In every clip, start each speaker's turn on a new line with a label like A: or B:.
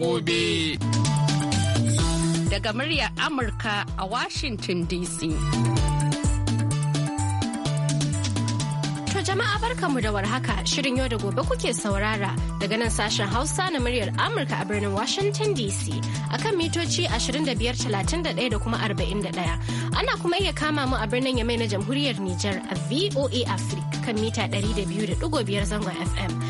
A: gobe. Daga muryar Amurka a Washington DC. To jama'a barkanmu da warhaka shirin yau da gobe kuke saurara daga nan sashen Hausa na muryar Amurka a birnin Washington DC akan mitoci 2531 da kuma 41. Ana kuma iya kama mu a birnin Yamai na Jamhuriyar Nijar a VOA Africa kan mita 200.5 zangon FM.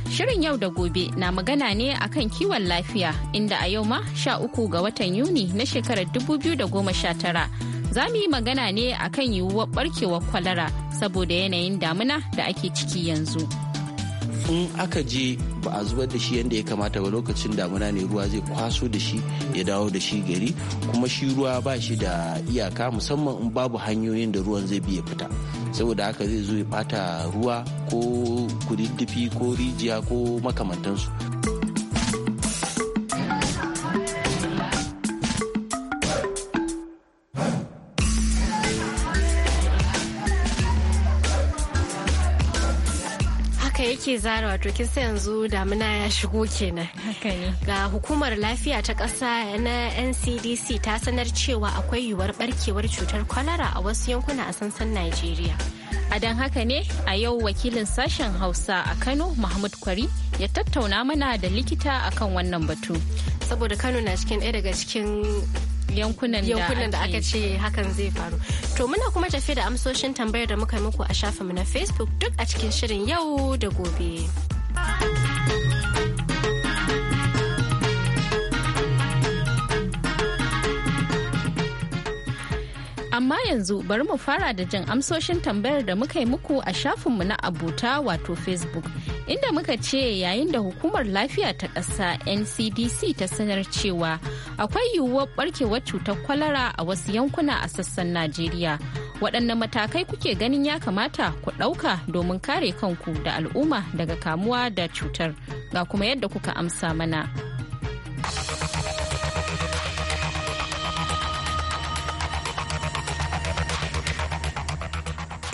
A: Shirin yau da gobe na magana ne akan kiwon lafiya inda a yau ma sha uku ga watan Yuni na shekarar dubu biyu da goma sha tara za mu yi magana ne akan yiwuwar barkewar kwalara saboda yanayin damuna da ake ciki yanzu.
B: in aka je ba a zubar da shi yadda ya kamata ba lokacin damuna ne ruwa zai kwaso da shi ya dawo da shi gari kuma shi ruwa ba shi da iyaka musamman in babu hanyoyin da ruwan zai biya fita saboda haka zai zo ya bata ruwa ko kududdufi ko rijiya ko makamantansu
A: ce zara wato kin sai yanzu damina ya shigo kenan. Ga hukumar lafiya ta ƙasa na NCDC ta sanar cewa akwai yiwuwar barkewar cutar kwalara a wasu yankuna a sansan Najeriya. A don haka ne a yau wakilin sashen Hausa a Kano Mahmud Kwari ya tattauna mana da likita akan wannan batu. Saboda Kano na cikin ɗaya daga cikin yankunan da aka ce hakan zai faru to muna kuma tafi da amsoshin tambayar da muka muku a shafinmu na facebook duk a cikin shirin yau da gobe. amma yanzu bari mu fara da jin amsoshin tambayar da muka yi muku a shafinmu na abota wato facebook inda muka ce yayin da hukumar lafiya ta ƙasa ncdc ta sanar cewa akwai yiwuwar barkewar cutar kwalara a wasu yankuna a sassan najeriya waɗanne matakai kuke ganin ya kamata ku ɗauka domin kare kanku da al'umma daga kamuwa da cutar ga kuma yadda kuka amsa mana.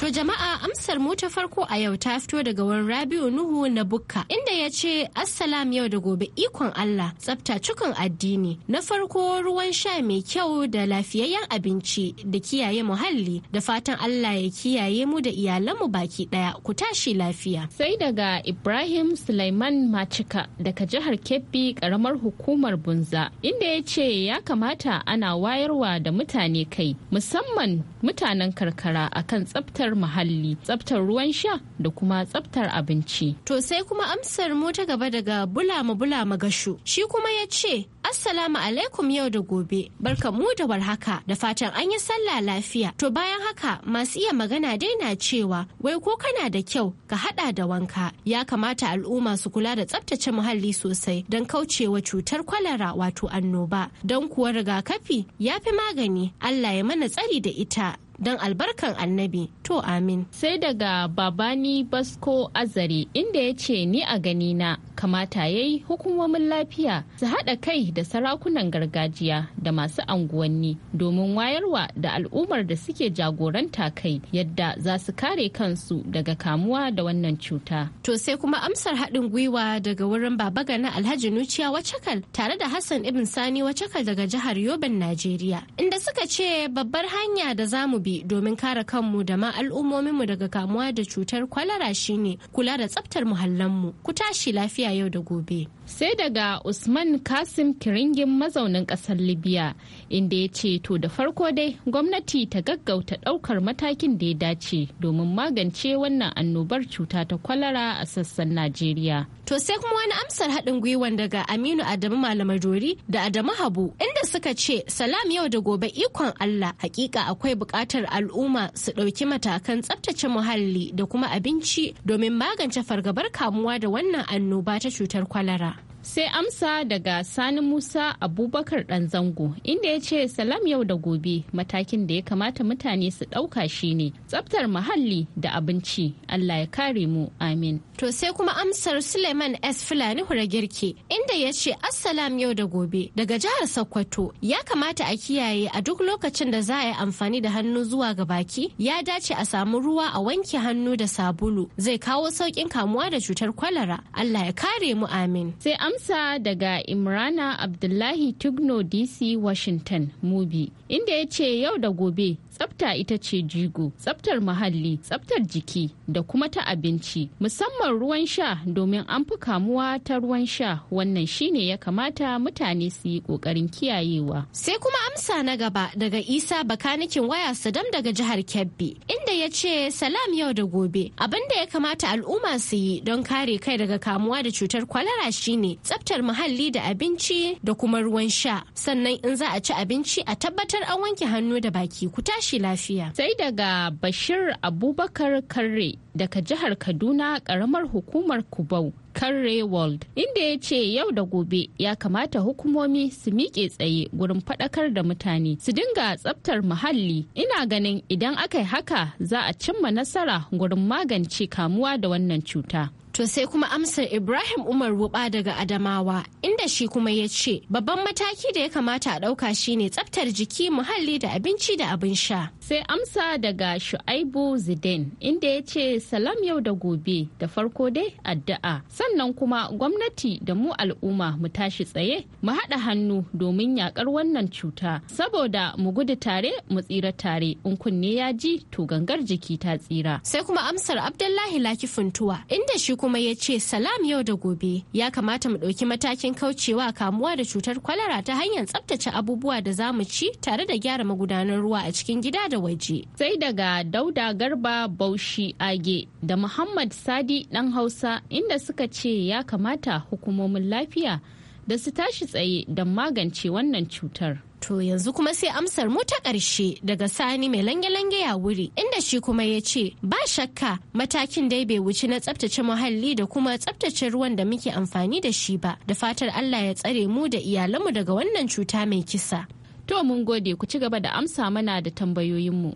A: To jama'a amsar mu ta farko a yau ta fito daga wurin Rabiu Nuhu na Bukka inda ya ce Assalam yau da gobe ikon Allah tsafta cikin addini. Na farko ruwan sha mai kyau da lafiyayyen abinci da kiyaye muhalli da fatan Allah ya kiyaye mu da iyalanmu baki daya ku tashi lafiya. Sai daga Ibrahim Sulaiman Macika daga jihar Kebbi karamar hukumar Bunza inda ya ce ya kamata ana wayarwa da mutane kai musamman mutanen karkara akan tsaftar muhalli tsaftar ruwan sha da kuma tsaftar abinci to sai kuma amsar mu ta gaba daga bulama bulama gashu shi kuma ya ce Assalamu alaikum yau da gobe, barka mu da warhaka da fatan an yi sallah lafiya. To bayan haka masu iya magana dai na cewa wai ko kana da kyau ka hada da wanka. Ya kamata al'umma su kula da tsaftace muhalli sosai don kaucewa cutar kwalara wato annoba. Don kuwa rigakafi ya fi magani Allah ya mana tsari da ita. don albarkan annabi to amin. Sai daga Babani Basko Azare inda ya ce ni a ganina kamata ya yi hukumomin lafiya su haɗa kai da sarakunan gargajiya da masu anguwanni domin wayarwa da al'ummar da suke jagoranta kai yadda za su kare kansu daga kamuwa da wannan cuta. To sai kuma amsar haɗin gwiwa daga wurin Baba Gana Alhaji Nuciya Wacakal tare da Hassan Ibn Sani Wacakal daga jihar Yoben Najeriya inda suka ce babbar hanya da zamu mu bi domin kare kanmu da ma al'ummominmu daga kamuwa da cutar kwalara shine kula da tsaftar muhallanmu ku tashi lafiya yau da gobe. sai daga usman kasim kiringin mazaunin kasar libya inda ya ce to da farko dai gwamnati ta gaggauta daukar matakin da ya dace domin magance wannan annobar cuta ta kwalara a sassan najeriya to sai kuma wani amsar haɗin gwiwan daga aminu adamu malamai dori da adamu habu inda suka ce salam yau da gobe ikon allah hakika akwai buƙatar al'umma su ɗauki matakan tsaftace muhalli da kuma abinci domin magance fargabar kamuwa da wannan annoba ta cutar kwalara sai amsa daga sani musa abubakar dan zango inda ya ce salam yau da gobe matakin da ya kamata mutane su ɗauka shine tsaftar muhalli da abinci allah ya kare mu amin to sai kuma amsar suleiman s fulani girki inda ya ce assalam yau da gobe daga jihar sokoto ya kamata a kiyaye a duk lokacin da za a yi amfani da hannu zuwa ga baki ya dace a samu ruwa a wanke hannu da sabulu zai kawo sauƙin kamuwa da cutar kwalara allah ya kare mu amin amsa daga Imrana Abdullahi Tugno DC Washington Mubi inda ya ce yau da gobe tsafta ita ce jigo, tsaftar muhalli, tsaftar jiki da kuma ta abinci, musamman ruwan sha domin an fi kamuwa ta ruwan sha wannan shine ya kamata mutane su yi kokarin kiyayewa. Sai kuma amsa na gaba daga Isa bakanikin waya Sadam daga jihar Kebbi, inda ya ce salam yau da gobe abinda ya kamata al'umma su yi don kare kai daga kamuwa da cutar kwalara shine tsaftar muhalli da abinci da kuma ruwan sha sannan in za a ci abinci a tabbatar an wanke hannu da baki ku tashi lafiya sai daga bashir abubakar karre daga jihar kaduna karamar hukumar kubau Karre World inda ya ce yau da gobe ya kamata hukumomi su miƙe tsaye gurin faɗakar da mutane su dinga tsaftar muhalli ina ganin idan aka yi haka za a cimma nasara gurin magance kamuwa da wannan cuta. To sai kuma amsar Ibrahim Umar Wuba daga Adamawa inda shi kuma ya ce babban mataki da ya kamata a ɗauka shine tsaftar jiki muhalli da abinci da abin sha. sai amsa daga shu'aibu zidane inda ya ce salam yau da gobe da farko dai addu'a sannan kuma gwamnati da mu al'umma mu tashi tsaye mu haɗa hannu domin yakar wannan cuta saboda mu gudu tare mu tsira tare in kunne ya ji to gangar jiki ta tsira sai kuma amsar abdullahi laki funtuwa inda shi kuma ya ce salam yau da gobe ya kamata mu ɗauki matakin kaucewa kamuwa da cutar kwalara ta hanyar tsaftace abubuwa da za mu ci tare da gyara magudanar ruwa a cikin gida da da waje sai daga dauda garba baushi age da muhammad sadi ɗan hausa inda suka ce ya kamata hukumomin lafiya da su tashi tsaye don magance wannan cutar To yanzu kuma sai amsar mu ta ƙarshe daga sani mai lange-lange ya wuri inda shi kuma ya ce ba shakka matakin dai bai wuce na tsabtace muhalli da kuma tsabtace ruwan da muke amfani da shi ba da fatar Allah ya tsare mu da iyalanmu daga wannan cuta mai kisa. To mun gode ku ci gaba da amsa mana da tambayoyinmu.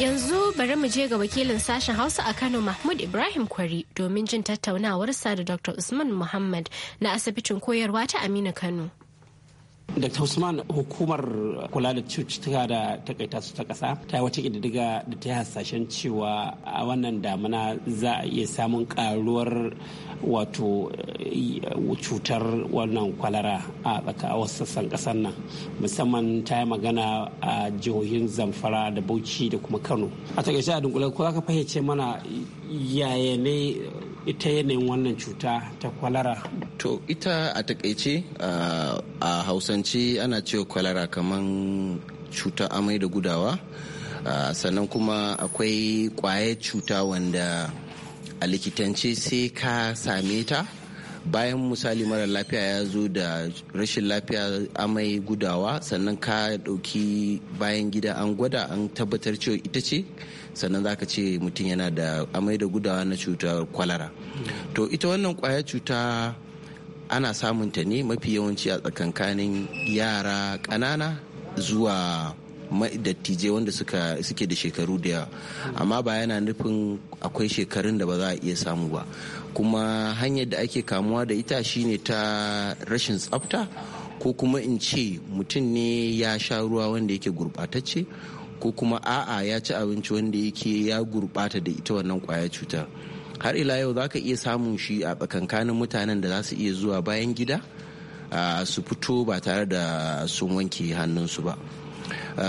A: Yanzu bari mu je ga wakilin sashen Hausa a Kano Mahmud Ibrahim Kwari domin jin tattaunawarsa da Dr. Usman Muhammad na asibitin koyarwa ta Aminu Kano.
C: Dr. Usman hukumar kula da cututtuka da takaita su ta kasa ta wata ƙididdiga da ta yi hasashen cewa a wannan damuna za a iya samun karuwar wato eh, cutar wannan kwalara a tsaka wasu sassan ƙasar nan musamman ta yi magana a jihohin zamfara da bauchi da kuma kano a takaice a dunkule ko za ka fahimce mana yaya ne ita yanayin wannan cuta ta kwalara
B: to ita a takaice a hausance ana cewa kwalara kamar cuta amai da gudawa sannan kuma akwai kwaye cuta wanda a likitance sai ka same ta bayan misali mara lafiya ya zo da rashin lafiya amai gudawa sannan ka dauki bayan gida an gwada an tabbatar cewa ita ce sannan za ka ce mutum yana da amai da gudawa na cutar kwalara to ita wannan kwaya cuta ana samun ta ne mafi yawanci a tsakankanin yara ƙanana zuwa dattijai wanda suke da shekaru da yawa amma ba yana nufin akwai shekarun da ba za a iya samu ba kuma hanyar da ake kamuwa da ita shine ta rashin tsafta ko kuma in ce mutum ne ya sha ruwa wanda yake gurɓatacce ko kuma a'a ya ci abinci wanda yake ya gurɓata da ita wannan kwaya cutar har ila yau za ka iya samun shi a tsakankanin mutanen da za su iya zuwa bayan gida su fito ba tare da sun wanke hannunsu ba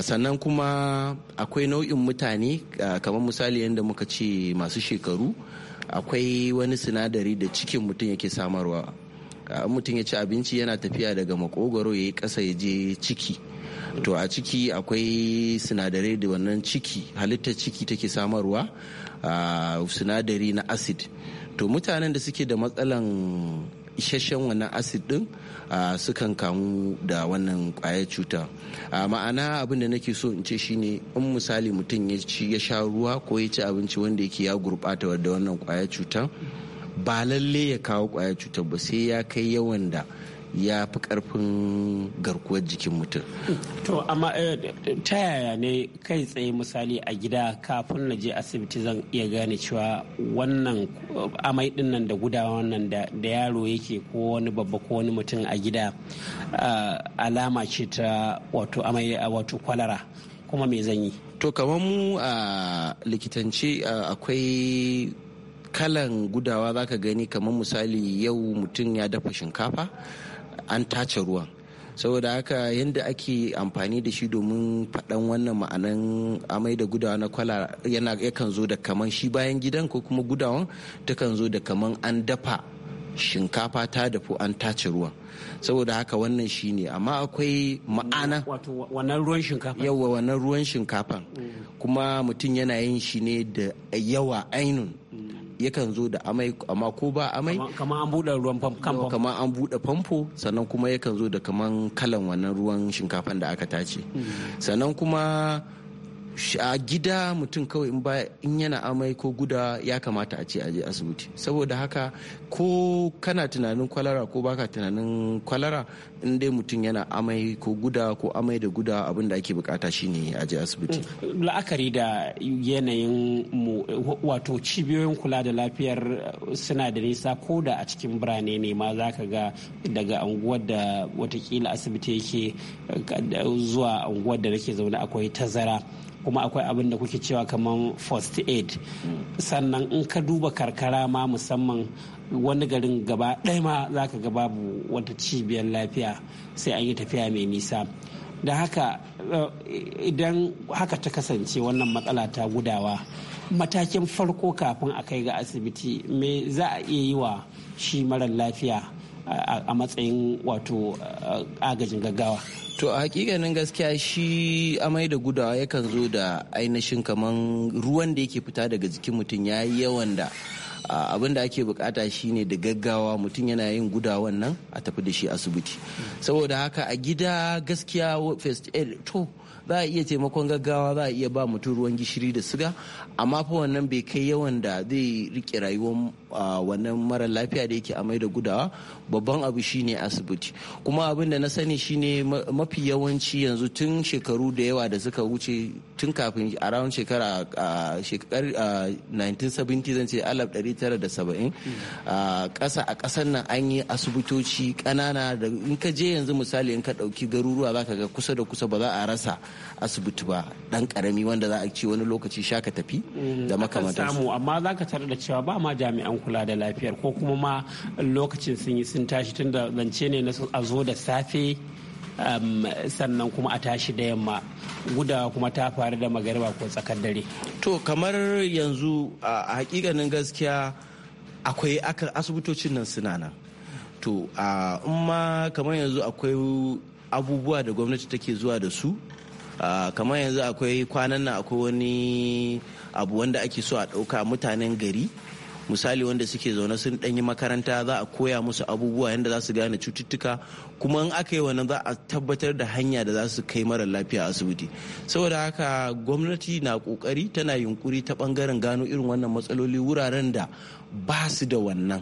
B: sannan kuma akwai nau'in mutane kamar misali yadda muka ce masu shekaru akwai wani sinadari da cikin mutum yake samarwa mutum ya ci abinci yana tafiya daga makogwaro ya yi ƙasa ya je ciki to a ciki akwai sinadarai da wannan ciki halittar ciki take samarwa sinadari na acid to mutanen da suke da matsalan isasshen wannan acid din sukan kamu da wannan kwayar cuta ma'ana abin da nake so in ce shine in misali mutum ya ci ya sha ruwa ko ya ci abinci wanda yake ya gurbata da wannan kwayar cuta ba lalle ya kawo kwayar cutar ba sai ya kai yawan da ya fi karfin garkuwar jikin mutum
C: to amma eh, ta yaya ne kai tsaye misali a gida kafin na je asibiti zan iya gane cewa wannan amai din nan da gudawa wannan da yaro yake ko wani babba ko wani mutum a gida eh, alama ce ta wato amai wato kwalara kuma me zan yi to kamar mu a likitance eh, akwai kalan gudawa za
B: ka gani kamar misali yau mutum ya dafa shinkafa an tace ruwan saboda haka yadda ake amfani da shi domin faɗan wannan ma'anan amai da gudawa na kwala yana yakan zo da kaman shi bayan gidan ko kuma gudawan takan zo da kaman an dafa shinkafa ta dafu an tace ruwan saboda haka wannan shi ne amma akwai ma'ana wannan ruwan shinkafa yawa wannan ruwan shinkafa mm. kuma mutum yana yin shi ne da yawa ainun mm. yakan zo da amai amma ko ba amai kamar an buɗe ruwan famfo kamar an buɗe famfo sannan kuma yakan zo da kaman kalan wannan ruwan shinkafan da aka tace hmm. sannan kuma a gida mutum kawai in ba in yana amai ko guda ya kamata a ce aje asibiti saboda haka ko kana tunanin kwalara ko baka tunanin kwalara in dai mutum yana amai ko guda ko amai da guda abin da ake bukata shine aje asibiti
C: la'akari da yanayin mu wato cibiyoyin kula da lafiyar suna da nisa ko da a cikin birane ne ma za ka ga daga anguwar da watakila asibiti yake zuwa unguwar da nake zaune akwai tazara kuma akwai abin da kuke cewa kamar first aid sannan in ka duba karkara ma musamman wani garin gaba ɗaya ma za ka ga babu wata cibiyar lafiya sai an yi tafiya mai nisa da haka eh, idan haka ta kasance wannan matsala ta gudawa matakin farko kafin a kai ga asibiti me za a iya yi wa shi mara lafiya a matsayin wato eh, agajin gaggawa to a hakikanin gaskiya shi amai da gudawa yakan zo da ainihin
B: kaman ruwan da yake fita daga jikin mutum ya yi yawan da abin da ake bukata shi ne da gaggawa mutum yana yin gudawa nan a tafi da shi asibiti saboda haka a gida gaskiya first aid to za a iya taimakon gaggawa za a iya ba mutum ruwan gishiri da siga amma fa wannan bai kai yawan da zai rike rayuwar wannan mara lafiya da yake amai da gudawa babban abu shine asibiti kuma abin da na sani shine mafi yawanci yanzu tun shekaru da yawa da suka wuce tun kafin a rawun shekara a shekar 1970 zan ce 1970 mm. a ƙasa a kasar nan an yi asibitoci ƙanana da in ka je yanzu misali in ka ɗauki garuruwa za ka ga kusa da kusa ba za a rasa asibiti ba dan karami wanda za a ci wani lokaci sha ka tafi
C: mm. da samu amma za ka tare da cewa ba ma jami'an kula da lafiyar ko kuma ma lokacin sun yi sun tashi tun da zance ne a zo da safe um, sannan kuma a tashi da yamma guda kuma ta faru da magariba ko tsakar dare to kamar yanzu a hakikanin gaskiya akwai
B: asibitocin nan suna nan to in ma kamar yanzu akwai abubuwa da gwamnati take zuwa da su kamar yanzu akwai kwanan nan akwai wani abu wanda ake so a ɗauka mutanen gari misali wanda suke zaune sun ɗanyi makaranta za a koya musu abubuwa yadda za su gane cututtuka kuma in aka yi wannan za a tabbatar da hanya da za su kai mara lafiya asibiti saboda haka gwamnati na kokari tana yunkuri ta bangaren gano irin wannan matsaloli wuraren da ba su da wannan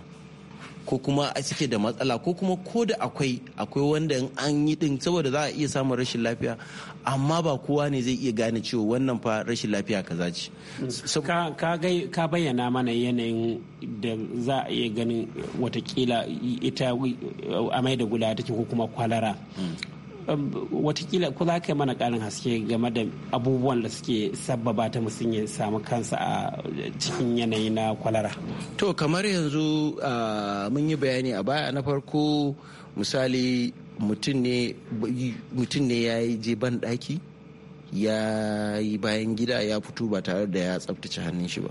B: ko kuma a suke da matsala ko kuma ko da akwai akwai wanda in an yi din saboda za a iya samun rashin lafiya amma ba kowa ne zai iya gane cewa wannan fa rashin lafiya kaza ce.
C: ka bayyana mana yanayin da za a iya ganin watakila ita amai da guda take ko kuma kwalara hmm. watakila ko za ka yi mana karin haske game da abubuwan da suke sabbaba ta musun ya samu kansa a cikin yanayi na kwalara to kamar yanzu
B: mun yi bayani a baya na farko misali mutum ne ya yi je ban daki ya yi bayan gida ya fito ba tare da ya tsabtace hannun shi ba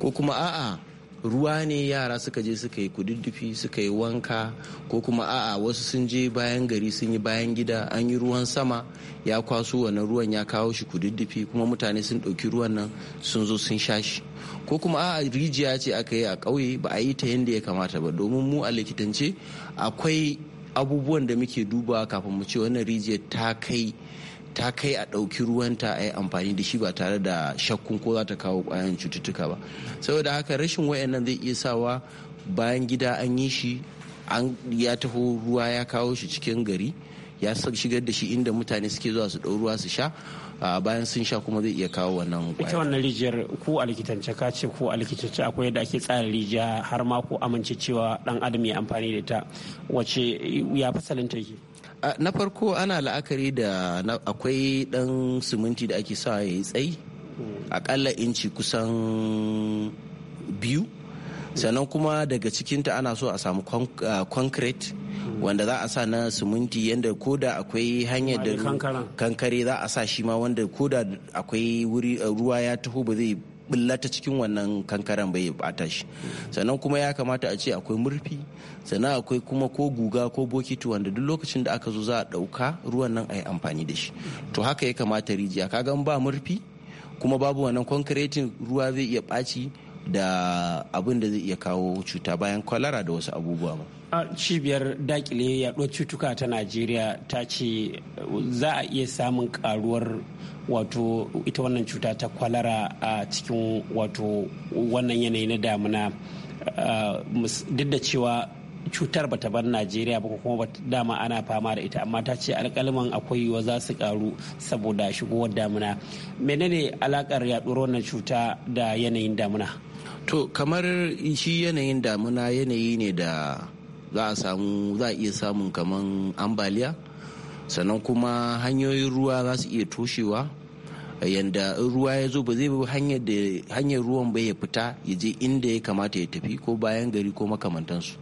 B: ko kuma a'a ruwa ne yara suka je suka yi kududdufi suka yi wanka ko kuma a'a wasu sun je bayan gari sun yi bayan gida an yi ruwan sama ya kwaso wannan ruwan ya kawo shi kududdufi kuma mutane sun ɗauki ruwan nan sun zo sun sha shi ko kuma a'a rijiya ce aka yi a ƙauye ba a yi ta yadda ya kamata ba domin mu a likitance akwai abubuwan da muke dubawa kafin mu ce wannan rijiyar ta kai ta kai a ɗauki ruwanta a yi amfani da shi ba tare da shakkun ko za ta kawo ƙwayan cututtuka ba saboda haka rashin wayannan zai iya sawa bayan gida an yi shi an ya taho ruwa ya kawo shi cikin gari ya shigar da shi inda mutane suke zuwa su ɗau ruwa su sha bayan sun sha kuma zai iya kawo wannan
C: ita wannan rijiyar ko a likitance ka ce ko a likitance akwai yadda ake tsara rijiya har ma ku amince cewa dan adam ya amfani da ita wace ya fasalin take na farko ana la'akari da akwai dan siminti da ake sa ya yi tsayi
B: akalla inci kusan biyu sannan kuma daga cikinta ana so a samu concrete wanda za a sa na siminti yadda koda akwai hanyar da kankare za a sa shi ma wanda koda akwai ruwa ya taho ba zai bulla ta cikin wannan kankaren bai bata shi sannan kuma ya kamata a ce akwai murfi sannan akwai kuma ko guga ko bokiti wanda duk lokacin da aka zo za a ɗauka ruwan nan a yi amfani da shi to haka ya kamata rijiya kaga ba murfi kuma babu wannan concreting ruwa zai iya ɓaci da abin da zai iya kawo cuta bayan kwalara da wasu abubuwa ba.
C: cibiyar dakile yaduwar cutuka ta najeriya ta ce za a iya samun karuwar wato ita wannan cuta ta kwalara a cikin wato wannan yanayi na damuna duk da cewa cutar bata bar najeriya ba kuma dama ana fama da ita amma ta ce alkalman akwai yiwuwa za su karu saboda shigowar damuna menene alakar yaɗuwar wannan cuta da yanayin damuna to kamar shi yanayin damuna
B: yanayi ne da za a samu za a iya samun kamar ambaliya sannan kuma hanyoyin ruwa za su iya toshewa yanda ruwa ya zo ba zai bi hanyar ruwan bai ya fita ya je inda ya kamata ya tafi ko bayan gari ko makamantansu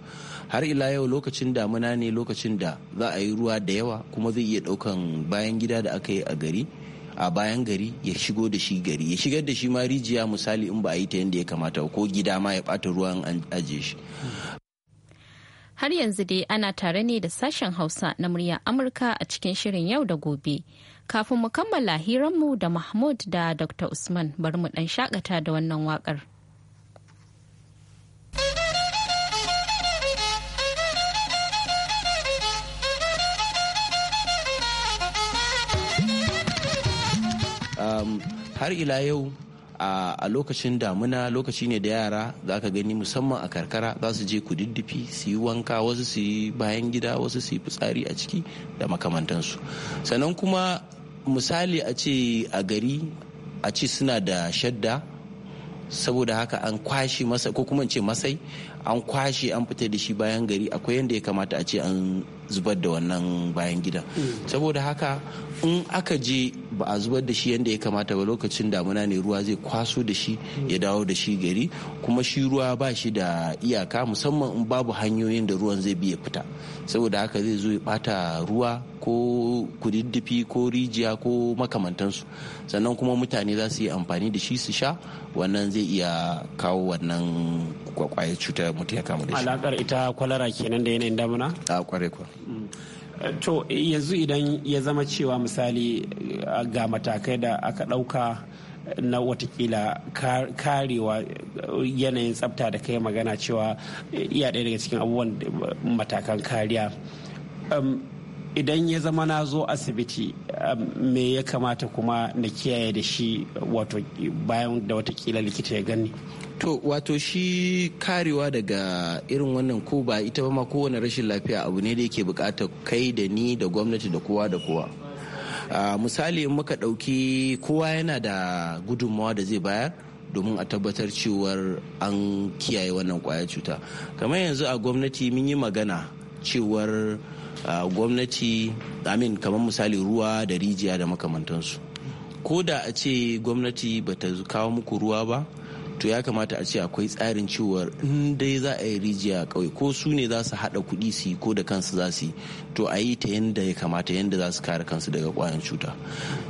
B: har ila yau lokacin damuna ne lokacin da za a yi ruwa da yawa kuma zai iya daukan bayan gida da aka yi a gari a bayan gari ya shigo da shi gari ya shigar da shi ma rijiya misali in ba a yi ta yadda ya kamata ko gida ma ya ɓata ruwan an ajiye shi
A: har yanzu dai ana tare ne da sashen hausa na muryar amurka a cikin shirin yau da gobe kafin mu kammala hiranmu da mahmud da dr usman bari mu dan shakata da wannan wakar.
B: har ila yau a lokacin damuna lokaci ne da yara za ka gani musamman a karkara za su je ku diddifi su yi wanka wasu su yi bayan gida wasu su yi fitsari a ciki da makamantansu sannan kuma misali a ce a gari a ce suna da shadda saboda haka an kwashe masa ko kuma ce masai an kwashe an fita da shi bayan gari akwai yadda ya kamata a ce an zubar da wannan bayan gidan mm. saboda haka in aka je ba a zubar da shi yadda ya kamata ba lokacin damuna ne ruwa zai kwaso da shi mm. ya dawo da shi gari kuma shi ruwa ba shi da iyaka musamman in babu hanyoyin da ruwan zai biya fita saboda haka zai zo ya bata ruwa ko kududdufi ko rijiya ko makamantansu sannan kuma mutane za su yi amfani da shi su sha wannan zai iya kawo wannan kwakwayar cuta mutum ya kamu da shi
C: alakar ita kwalara kenan da yanayin damuna a kware kwa eh, to yanzu idan ya zama cewa misali eh, ga matakai da aka ɗauka na watakila karewa eh, yanayin tsafta da kai magana cewa iya ɗaya daga cikin abubuwan matakan kariya idan ya zama na zo asibiti um, me ya kamata kuma na kiyaye da shi wato bayan da watakila likita ya gani to wato shi karewa daga
B: irin wannan ko ba ita ba ma kowane rashin lafiya abu ne da yake bukatar kai da ni da gwamnati da kowa da kowa misali in muka ɗauki kowa yana da gudunmawa da zai bayar domin a tabbatar cewar an kiyaye wannan kwayar cuta kamar yanzu a gwamnati mun yi magana cewar ah, gwamnati amin kamar misali ruwa da rijiya da makamantansu ko da a ce gwamnati ba ta kawo muku ruwa ba to ya kamata a ce akwai tsarin cewar in dai za a yi rijiya kawai ko su ne za su haɗa kuɗi su yi ko da kansu za su yi to a yi ta yadda ya kamata yadda za su kare kansu daga ƙwayan cuta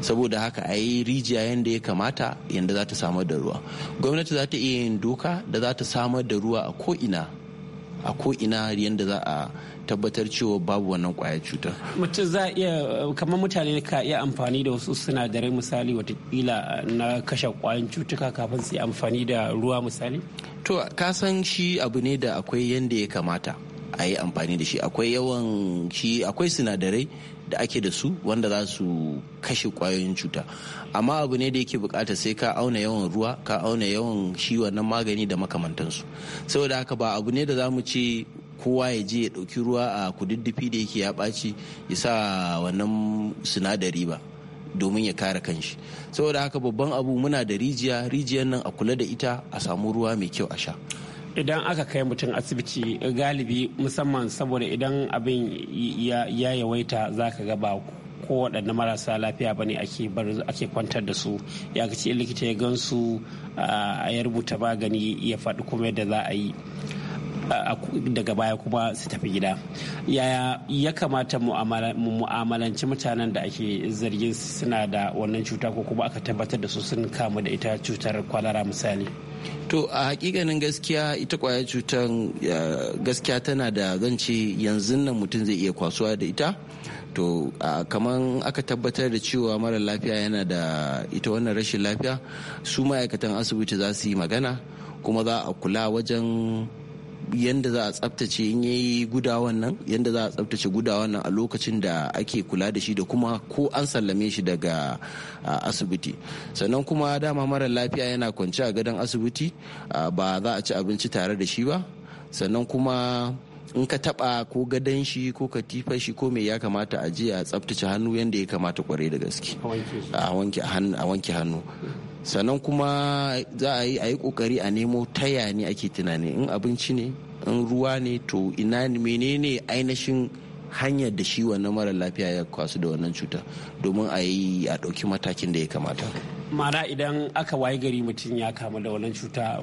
B: saboda haka a yi rijiya yadda ya kamata yadda za ta samar da ruwa gwamnati za ta iya yin doka da za ta samar da ruwa a ko'ina a ko ina yadda za a tabbatar cewa babu wannan kwaya cuta.
C: mutum za iya kamar mutane ka iya amfani da wasu sinadarai misali watakila na kashe kwayan cutuka kafin su yi amfani da ruwa misali to ka san shi abu ne da akwai
B: yadda ya kamata a yi amfani da shi akwai yawan shi akwai sinadarai da ake da su wanda za su kashe kwayoyin cuta amma abu ne da yake bukata sai ka auna yawan ruwa ka auna yawan shi wannan magani da makamantansu saboda haka ba abu ne da za mu ce kowa ya je ya ɗauki ruwa a kududdufi da yake ya ɓaci ya sa wannan sinadari ba domin ya kare kanshi saboda haka babban abu muna da rijiya rijiyar nan a kula da ita a samu ruwa mai kyau a sha
C: idan aka kai mutum asibiti galibi musamman saboda idan abin ya yawaita za ka gaba ba ko waɗanda marasa lafiya ba ne ake kwantar da su ya ce likita ya gan gansu ya rubuta magani ya faɗi kuma yadda za a yi daga baya kuma su tafi gida yaya ya kamata mu'amalanci mutanen da ake zargin suna da wannan cuta ko kuma aka tabbatar da su sun kamu da ita cutar kwalara misali
B: to a hakikanin gaskiya ita kwayar cutar gaskiya tana da zance yanzu nan mutum zai iya kwasuwa da ita to kamar aka tabbatar da cewa mara lafiya yana da ita wannan rashin lafiya su ma'aikatan asibiti za su yi magana kuma za a kula wajen yanda za a tsaftace in yayi gudawan nan yanda za a tsaftace gudawan nan a lokacin da ake kula da shi da kuma ko an sallame shi daga asibiti sannan kuma dama mara lafiya yana kwance a gadon asibiti ba za a ci abinci tare da shi ba sannan kuma in ka taba ko gadon shi ko katifar shi ko mai ya kamata a je a tsaftace hannu yadda ya kamata kwarai da gaske a wanke hannu sannan kuma za a yi a yi kokari a nemo taya ne ake tunani in abinci ne in ruwa ne to ina menene ainihin hanyar da shi wannan mara lafiya ya kwasu da wannan cuta domin a yi a ɗauki matakin da ya kamata
C: Mana idan aka waye gari mutum ya kamu da wannan cuta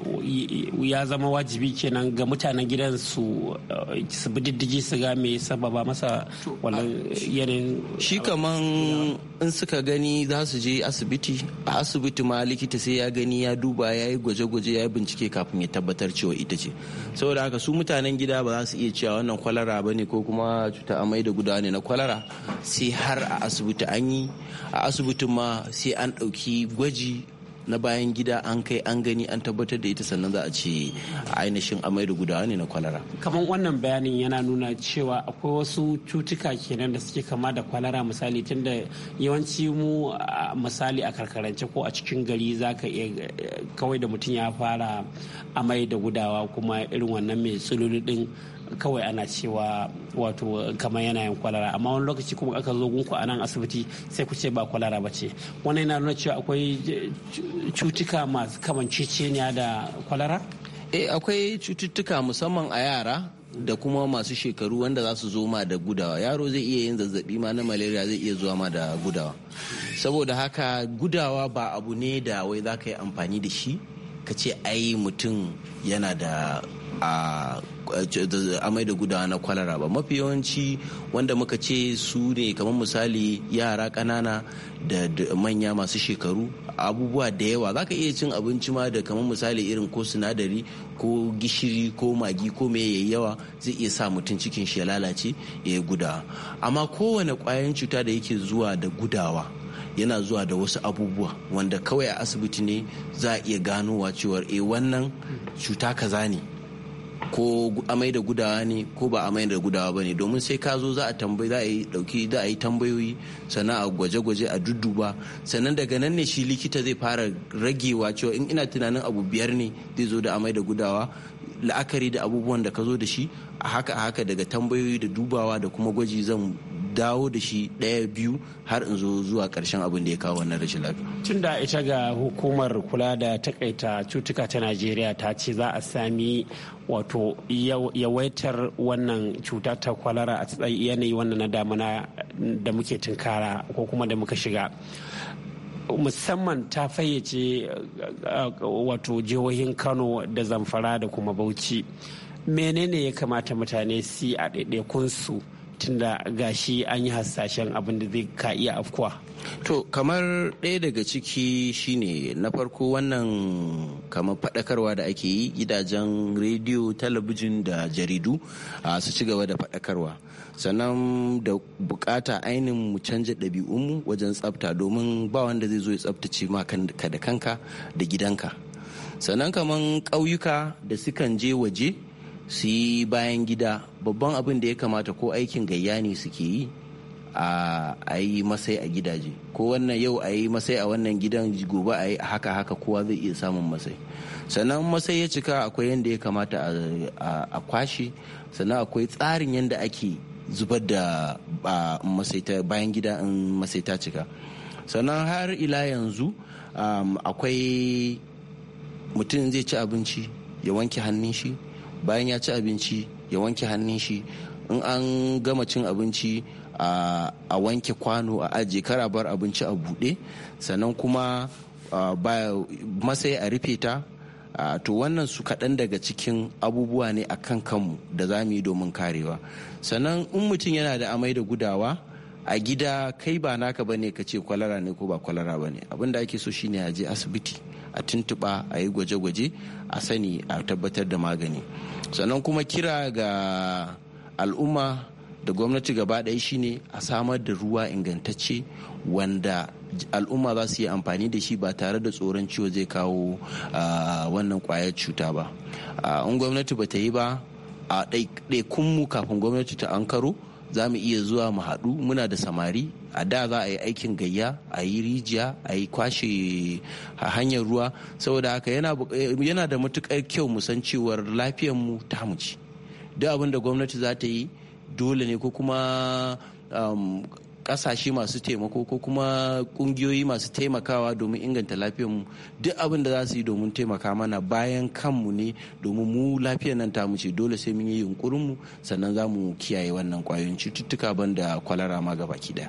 C: ya zama wajibi kenan ga mutanen gidan su eh, su diddigi su ga me sababa masa wannan yanayin shi kaman in suka gani za su je asibiti a asibiti ma likita sai ya
B: gani ya duba ya yi gwaje-gwaje ya yi bincike kafin ya tabbatar cewa ita ce saboda haka su mutanen gida ba za su iya cewa wannan kwalara ba ne ko kuma cuta amai da guda ne na kwalara sai har a asibiti an yi a asibitin ma sai an ɗauki gwaji na bayan gida an kai an gani an tabbatar da ita sannan za a ce ainihin amai da gudawa ne na kwalara.
C: kamar wannan bayanin yana nuna cewa akwai wasu cutuka kenan da suke kama da kwalara misali tunda yawanci mu misali a karkarance ko a cikin gari za ka iya kawai da mutum ya fara amai da gudawa kuma irin wannan mai tsululu din kawai ana cewa wato kamar yanayin kwalara amma wani lokaci kuma aka zo gunku a nan asibiti sai ku ce ba kwalara ba ce wannan yana nuna cewa akwai cutuka masu kamanceceniya da kwalara eh akwai cututtuka musamman a yara
B: da kuma masu shekaru wanda za su zo ma da gudawa yaro zai iya yin zazzabi ma na malaria zai iya zuwa ma da gudawa saboda haka gudawa ba abu ne da wai za ka yi amfani da shi ka ce ai mutum yana da ah, Eh, amai da gudawa na kwalara ba mafi yawanci wanda muka ce su ne kamar misali yara ƙanana da manya masu shekaru abubuwa da yawa za ka iya cin abinci ma da kamar misali irin ko sinadari ko gishiri ko magi ko mai yayi yawa zai iya sa mutum cikin shi ya lalace ya yi gudawa amma kowane kwayan cuta da yake zuwa da gudawa yana zuwa da wasu abubuwa wanda kawai a asibiti ne za a iya ganowa cewar e eh, wannan cuta kaza ne ko amai da gudawa ne ko ba a mai da gudawa ba ne domin sai ka zo za a tambayi za a yi dauki za a yi tambayoyi sannan a gwaje-gwaje a dudduba sannan daga nan ne shi likita zai fara ragewa cewa in ina tunanin abu biyar ne zai zo da amai da gudawa la'akari da abubuwan da ka zo da shi a haka a haka daga tambayoyi da dubawa da kuma gwaji zan dawo da shi ɗaya biyu har in zo zuwa ƙarshen abin da ya kawo wannan rashin lafiya.
C: Tun da ita ga hukumar kula da takaita cutuka ta Najeriya ta ce za a sami wato yawaitar wannan cuta ta kwalara a yanayi wannan na damuna da muke tunkara ko kuma da muka shiga. musamman ta fayyace uh, wato jihohin kano da zamfara da kuma bauchi menene ya kamata mutane si a ɗaiɗaikunsu su tunda gashi an yi hasashen abin da zai ka iya afkuwa to kamar ɗaya daga ciki shine na farko wannan
B: kamar faɗakarwa da ake yi gidajen rediyo talabijin da jaridu su ci gaba da faɗakarwa sannan da bukata ainihin mu canja ɗabi'unmu wajen tsafta domin ba wanda zai zo ya tsaftace ka da kanka da gidanka sannan kamar ƙauyuka da sukan je waje su bayan gida babban abin da ya kamata ko aikin gayya ne suke yi a yi masai a gidaje ko wannan yau a yi masai a wannan gidan gobe a yi haka haka kowa zai iya samun masai sannan masai ya cika akwai yadda ya kamata a kwashe sannan akwai tsarin yadda ake zubar da bayan gida in masai ta cika sannan har ila yanzu akwai mutum zai ci abinci ya wanke hannun shi bayan ya ci abinci ya wanke hannun shi in an gama cin abinci a wanke kwano a ajiye kara bar abinci a buɗe sannan kuma masai a rufe ta to wannan su kaɗan daga cikin abubuwa ne a kan kanmu da za mu yi domin karewa sannan in mutum yana da amai da gudawa a gida kai ba naka bane ka ce kwalara ne ko ba kwalara bane abin da ake so shine a je asibiti a tuntuɓa a yi gwaje-gwaje a sani a tabbatar da magani sannan kuma kira ga al'umma da gwamnati gaba ɗaya shine a samar da ruwa ingantacce wanda al'umma za su yi amfani da shi ba tare da tsoron ciwo zai kawo wannan kwayar cuta ba in gwamnati ba ta yi ba a ɗaikunmu kafin gwamnati ta ankaro za mu iya zuwa mu haɗu muna da samari a da za a yi aikin gayya a yi rijiya a yi kwashe hanyar ruwa saboda haka yana da matuƙar kyau mu san cewar mu ta muci duk abin da gwamnati za ta yi dole ne ko kuma um, kasashe masu taimako ko kuma kungiyoyi masu taimakawa domin inganta lafiyar mu duk abin da za su yi domin taimaka mana bayan kanmu ne domin mu lafiyar nan ta ce dole sai mun yi mu sannan za mu kiyaye wannan kwayoyin cututtuka banda kwalara ma gaba ki daya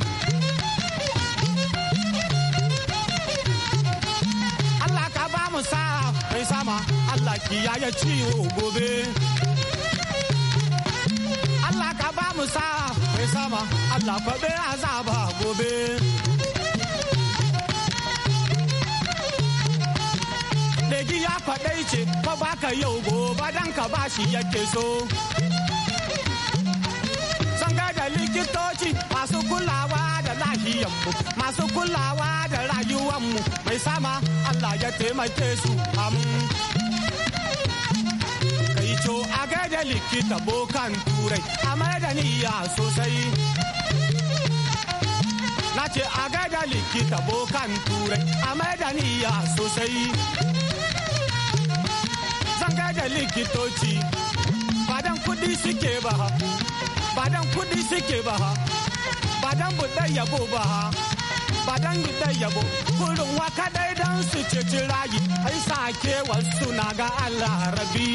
D: mai sama Allah ya ciwo gobe Allah ka ba mu sa mai sama Allah kwabe azaba gobe Legi ya kwaɗai ce, ba baka yau gobe dan ka bashi yake so. likitoci masu kulawa da lahiyanmu masu kulawa da rayuwanmu mai sama Allah ya taimake su am kai co a gaida likita bokan turai a da niyya sosai na ce a gaida likita bokan turai a da niyya sosai zan gaida likitoci badan kudi suke ba ba dan kudi suke ba ha ba dan budan yabo ba ha ba dan budan yabo kurin waka dai dan su ceci rayi ai sake wasu na ga Allah rabi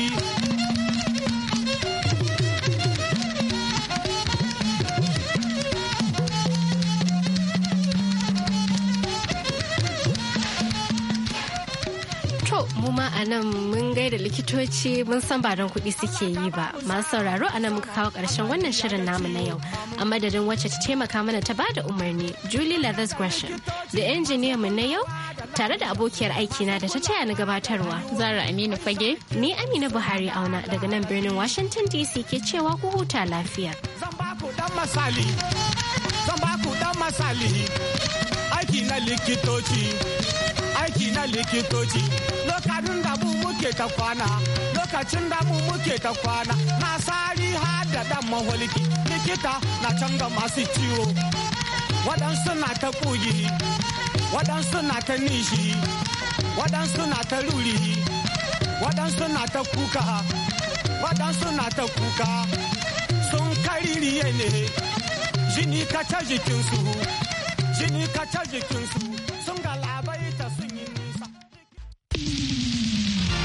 A: mu ma a nan mun gaida likitoci mun san ba don kuɗi suke yi ba masu sauraro a nan muka kawo ƙarshen wannan shirin namu na yau a madadin wacce ta taimaka mana ta bada umarni julie lathers gresham da injiniya mu na yau tare da abokiyar aikina da ta taya ni gabatarwa zara aminu fage ni amina buhari auna daga nan birnin washington dc ke cewa ku huta lafiya zan
D: ku dan masali aiki na likitoci aiki na likitoci lokacin da mu muke ta kwana lokacin da mu muke ta kwana na sari har da dan maholiki likita na canza masu ciwo waɗansu na ta kugi waɗansu na ta nishi waɗansu na ta ruri waɗansu na ta kuka waɗansu na ta kuka sun kaririye ne jini ka ta jikinsu jini ka ta jikinsu